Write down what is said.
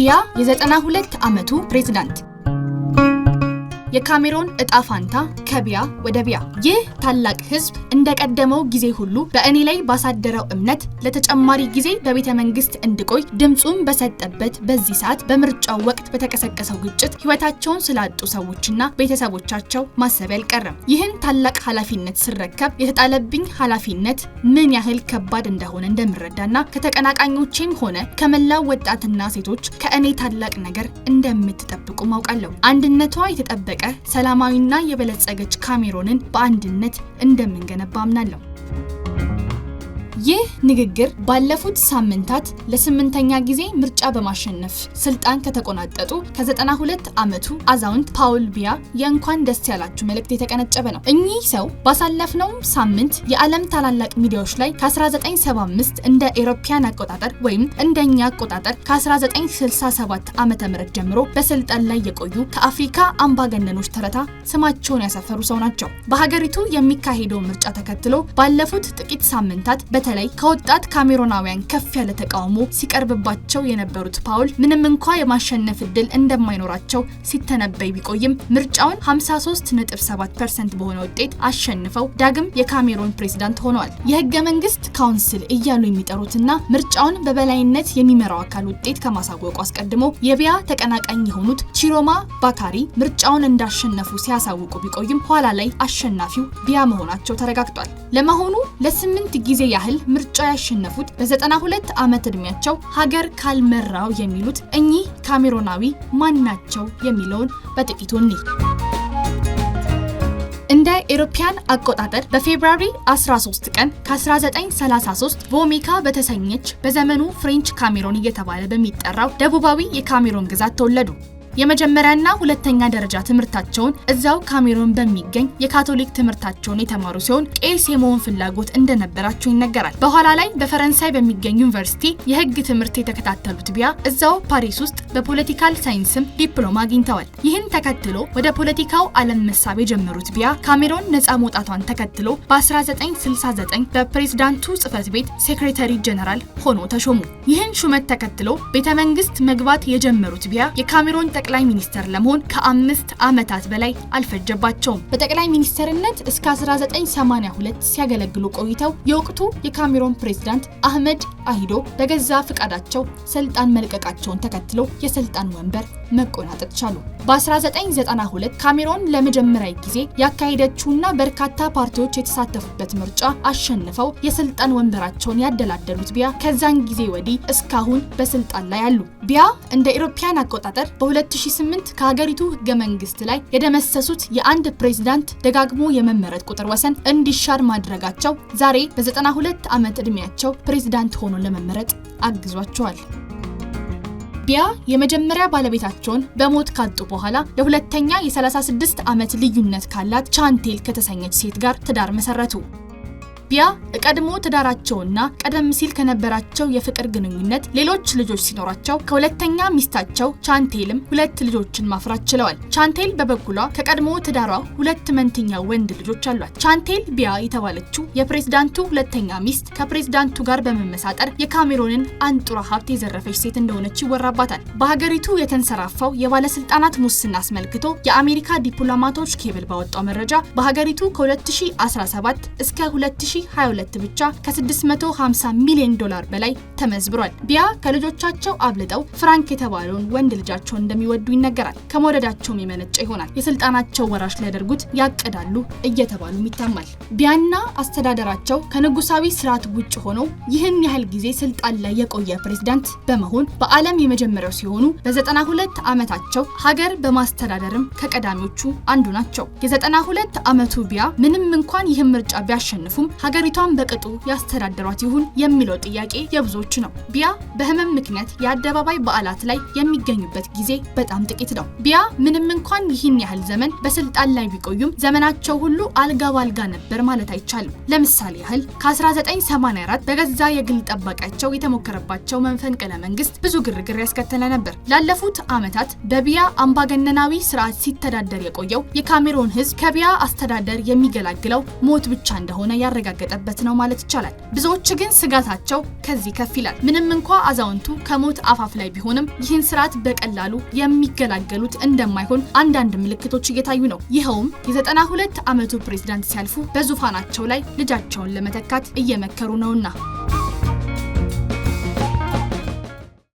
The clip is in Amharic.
ቢያ የ92 ዓመቱ ፕሬዝዳንት የካሜሮን እጣ ፋንታ ከቢያ ወደ ቢያ። ይህ ታላቅ ህዝብ እንደቀደመው ጊዜ ሁሉ በእኔ ላይ ባሳደረው እምነት ለተጨማሪ ጊዜ በቤተ መንግስት እንድቆይ ድምፁን በሰጠበት በዚህ ሰዓት በምርጫው ወቅት በተቀሰቀሰው ግጭት ህይወታቸውን ስላጡ ሰዎችና ቤተሰቦቻቸው ማሰብ አልቀረም። ይህን ታላቅ ኃላፊነት ስረከብ የተጣለብኝ ኃላፊነት ምን ያህል ከባድ እንደሆነ እንደምረዳና ከተቀናቃኞቼም ሆነ ከመላው ወጣትና ሴቶች ከእኔ ታላቅ ነገር እንደምትጠብቁ ማውቃለሁ። አንድነቷ የተጠበቀ የታጠቀ ሰላማዊና የበለጸገች ካሜሮንን በአንድነት እንደምንገነባ አምናለሁ። ይህ ንግግር ባለፉት ሳምንታት ለስምንተኛ ጊዜ ምርጫ በማሸነፍ ስልጣን ከተቆናጠጡ ከ92 ዓመቱ አዛውንት ፓውል ቢያ የእንኳን ደስ ያላችሁ መልእክት የተቀነጨበ ነው። እኚህ ሰው ባሳለፍነው ሳምንት የዓለም ታላላቅ ሚዲያዎች ላይ ከ1975 እንደ ኤሮፓያን አቆጣጠር ወይም እንደኛ አቆጣጠር ከ1967 ዓ ም ጀምሮ በስልጣን ላይ የቆዩ ከአፍሪካ አምባገነኖች ተረታ ስማቸውን ያሰፈሩ ሰው ናቸው። በሀገሪቱ የሚካሄደው ምርጫ ተከትሎ ባለፉት ጥቂት ሳምንታት በተ በተለይ ከወጣት ካሜሮናውያን ከፍ ያለ ተቃውሞ ሲቀርብባቸው የነበሩት ፓውል ምንም እንኳ የማሸነፍ እድል እንደማይኖራቸው ሲተነበይ ቢቆይም ምርጫውን 53.7% በሆነ ውጤት አሸንፈው ዳግም የካሜሮን ፕሬዝዳንት ሆነዋል። የህገ መንግስት ካውንስል እያሉ የሚጠሩትና ምርጫውን በበላይነት የሚመራው አካል ውጤት ከማሳወቁ አስቀድሞ የቢያ ተቀናቃኝ የሆኑት ቺሮማ ባካሪ ምርጫውን እንዳሸነፉ ሲያሳውቁ ቢቆይም ኋላ ላይ አሸናፊው ቢያ መሆናቸው ተረጋግጧል። ለመሆኑ ለስምንት ጊዜ ያህል ምርጫ ያሸነፉት በ92 ዓመት ዕድሜያቸው ሀገር ካልመራው የሚሉት እኚህ ካሜሮናዊ ማን ናቸው የሚለውን በጥቂቱ እንይ። እንደ ኤሮፒያን አቆጣጠር በፌብራሪ 13 ቀን ከ1933 ቮሜካ በተሰኘች በዘመኑ ፍሬንች ካሜሮን እየተባለ በሚጠራው ደቡባዊ የካሜሮን ግዛት ተወለዱ። የመጀመሪያና ሁለተኛ ደረጃ ትምህርታቸውን እዚያው ካሜሮን በሚገኝ የካቶሊክ ትምህርታቸውን የተማሩ ሲሆን ቄስ የመሆን ፍላጎት እንደነበራቸው ይነገራል። በኋላ ላይ በፈረንሳይ በሚገኝ ዩኒቨርሲቲ የህግ ትምህርት የተከታተሉት ቢያ እዛው ፓሪስ ውስጥ በፖለቲካል ሳይንስም ዲፕሎማ አግኝተዋል። ይህን ተከትሎ ወደ ፖለቲካው ዓለም መሳብ የጀመሩት ቢያ ካሜሮን ነጻ መውጣቷን ተከትሎ በ1969 በፕሬዝዳንቱ ጽህፈት ቤት ሴክሬታሪ ጀነራል ሆኖ ተሾሙ። ይህን ሹመት ተከትሎ ቤተ መንግስት መግባት የጀመሩት ቢያ የካሜሮን ጠቅላይ ሚኒስተር ለመሆን ከአምስት ዓመታት በላይ አልፈጀባቸውም። በጠቅላይ ሚኒስተርነት እስከ 1982 ሲያገለግሉ ቆይተው የወቅቱ የካሜሮን ፕሬዝዳንት አህመድ አሂዶ በገዛ ፍቃዳቸው ስልጣን መልቀቃቸውን ተከትሎ የስልጣን ወንበር መቆናጠጥ ቻሉ። በ1992 ካሜሮን ለመጀመሪያ ጊዜ ያካሄደችውና በርካታ ፓርቲዎች የተሳተፉበት ምርጫ አሸንፈው የስልጣን ወንበራቸውን ያደላደሉት ቢያ ከዛን ጊዜ ወዲህ እስካሁን በስልጣን ላይ አሉ። ቢያ እንደ ኢሮፓያን አቆጣጠር በ2008 ከሀገሪቱ ህገ መንግስት ላይ የደመሰሱት የአንድ ፕሬዝዳንት ደጋግሞ የመመረጥ ቁጥር ወሰን እንዲሻር ማድረጋቸው ዛሬ በ92 ዓመት ዕድሜያቸው ፕሬዝዳንት ሆኖ ለመመረጥ አግዟቸዋል። ቢያ የመጀመሪያ ባለቤታቸውን በሞት ካጡ በኋላ ለሁለተኛ የ36 ዓመት ልዩነት ካላት ቻንቴል ከተሰኘች ሴት ጋር ትዳር መሰረቱ። ቢያ ቀድሞ ትዳራቸውና ቀደም ሲል ከነበራቸው የፍቅር ግንኙነት ሌሎች ልጆች ሲኖራቸው ከሁለተኛ ሚስታቸው ቻንቴልም ሁለት ልጆችን ማፍራት ችለዋል። ቻንቴል በበኩሏ ከቀድሞ ትዳሯ ሁለት መንትኛ ወንድ ልጆች አሏት። ቻንቴል ቢያ የተባለችው የፕሬዝዳንቱ ሁለተኛ ሚስት ከፕሬዝዳንቱ ጋር በመመሳጠር የካሜሮንን አንጡራ ሀብት የዘረፈች ሴት እንደሆነች ይወራባታል። በሀገሪቱ የተንሰራፋው የባለስልጣናት ሙስና አስመልክቶ የአሜሪካ ዲፕሎማቶች ኬብል ባወጣው መረጃ በሀገሪቱ ከ2017 እስከ 2022 ብቻ ከ650 ሚሊዮን ዶላር በላይ ተመዝብሯል። ቢያ ከልጆቻቸው አብልጠው ፍራንክ የተባለውን ወንድ ልጃቸውን እንደሚወዱ ይነገራል። ከመውደዳቸውም የመነጨ ይሆናል የስልጣናቸው ወራሽ ሊያደርጉት ያቅዳሉ እየተባሉም ይታማል። ቢያና አስተዳደራቸው ከንጉሳዊ ስርዓት ውጭ ሆነው ይህን ያህል ጊዜ ስልጣን ላይ የቆየ ፕሬዝዳንት በመሆን በዓለም የመጀመሪያው ሲሆኑ በ92 ዓመታቸው ሀገር በማስተዳደርም ከቀዳሚዎቹ አንዱ ናቸው። የ92 ዓመቱ ቢያ ምንም እንኳን ይህን ምርጫ ቢያሸንፉም ሀገሪቷን በቅጡ ያስተዳደሯት ይሁን የሚለው ጥያቄ የብዙዎች ነው። ቢያ በህመም ምክንያት የአደባባይ በዓላት ላይ የሚገኙበት ጊዜ በጣም ጥቂት ነው። ቢያ ምንም እንኳን ይህን ያህል ዘመን በስልጣን ላይ ቢቆዩም ዘመናቸው ሁሉ አልጋ ባልጋ ነበር ማለት አይቻልም። ለምሳሌ ያህል ከ1984 በገዛ የግል ጠባቂያቸው የተሞከረባቸው መንፈንቀለ መንግስት ብዙ ግርግር ያስከተለ ነበር። ላለፉት ዓመታት በቢያ አምባገነናዊ ስርዓት ሲተዳደር የቆየው የካሜሮን ህዝብ ከቢያ አስተዳደር የሚገላግለው ሞት ብቻ እንደሆነ ያረጋግጣል። የተረጋገጠበት ነው ማለት ይቻላል። ብዙዎች ግን ስጋታቸው ከዚህ ከፍ ይላል። ምንም እንኳ አዛውንቱ ከሞት አፋፍ ላይ ቢሆንም ይህን ስርዓት በቀላሉ የሚገላገሉት እንደማይሆን አንዳንድ ምልክቶች እየታዩ ነው። ይኸውም የ92 ዓመቱ ፕሬዝዳንት ሲያልፉ በዙፋናቸው ላይ ልጃቸውን ለመተካት እየመከሩ ነውና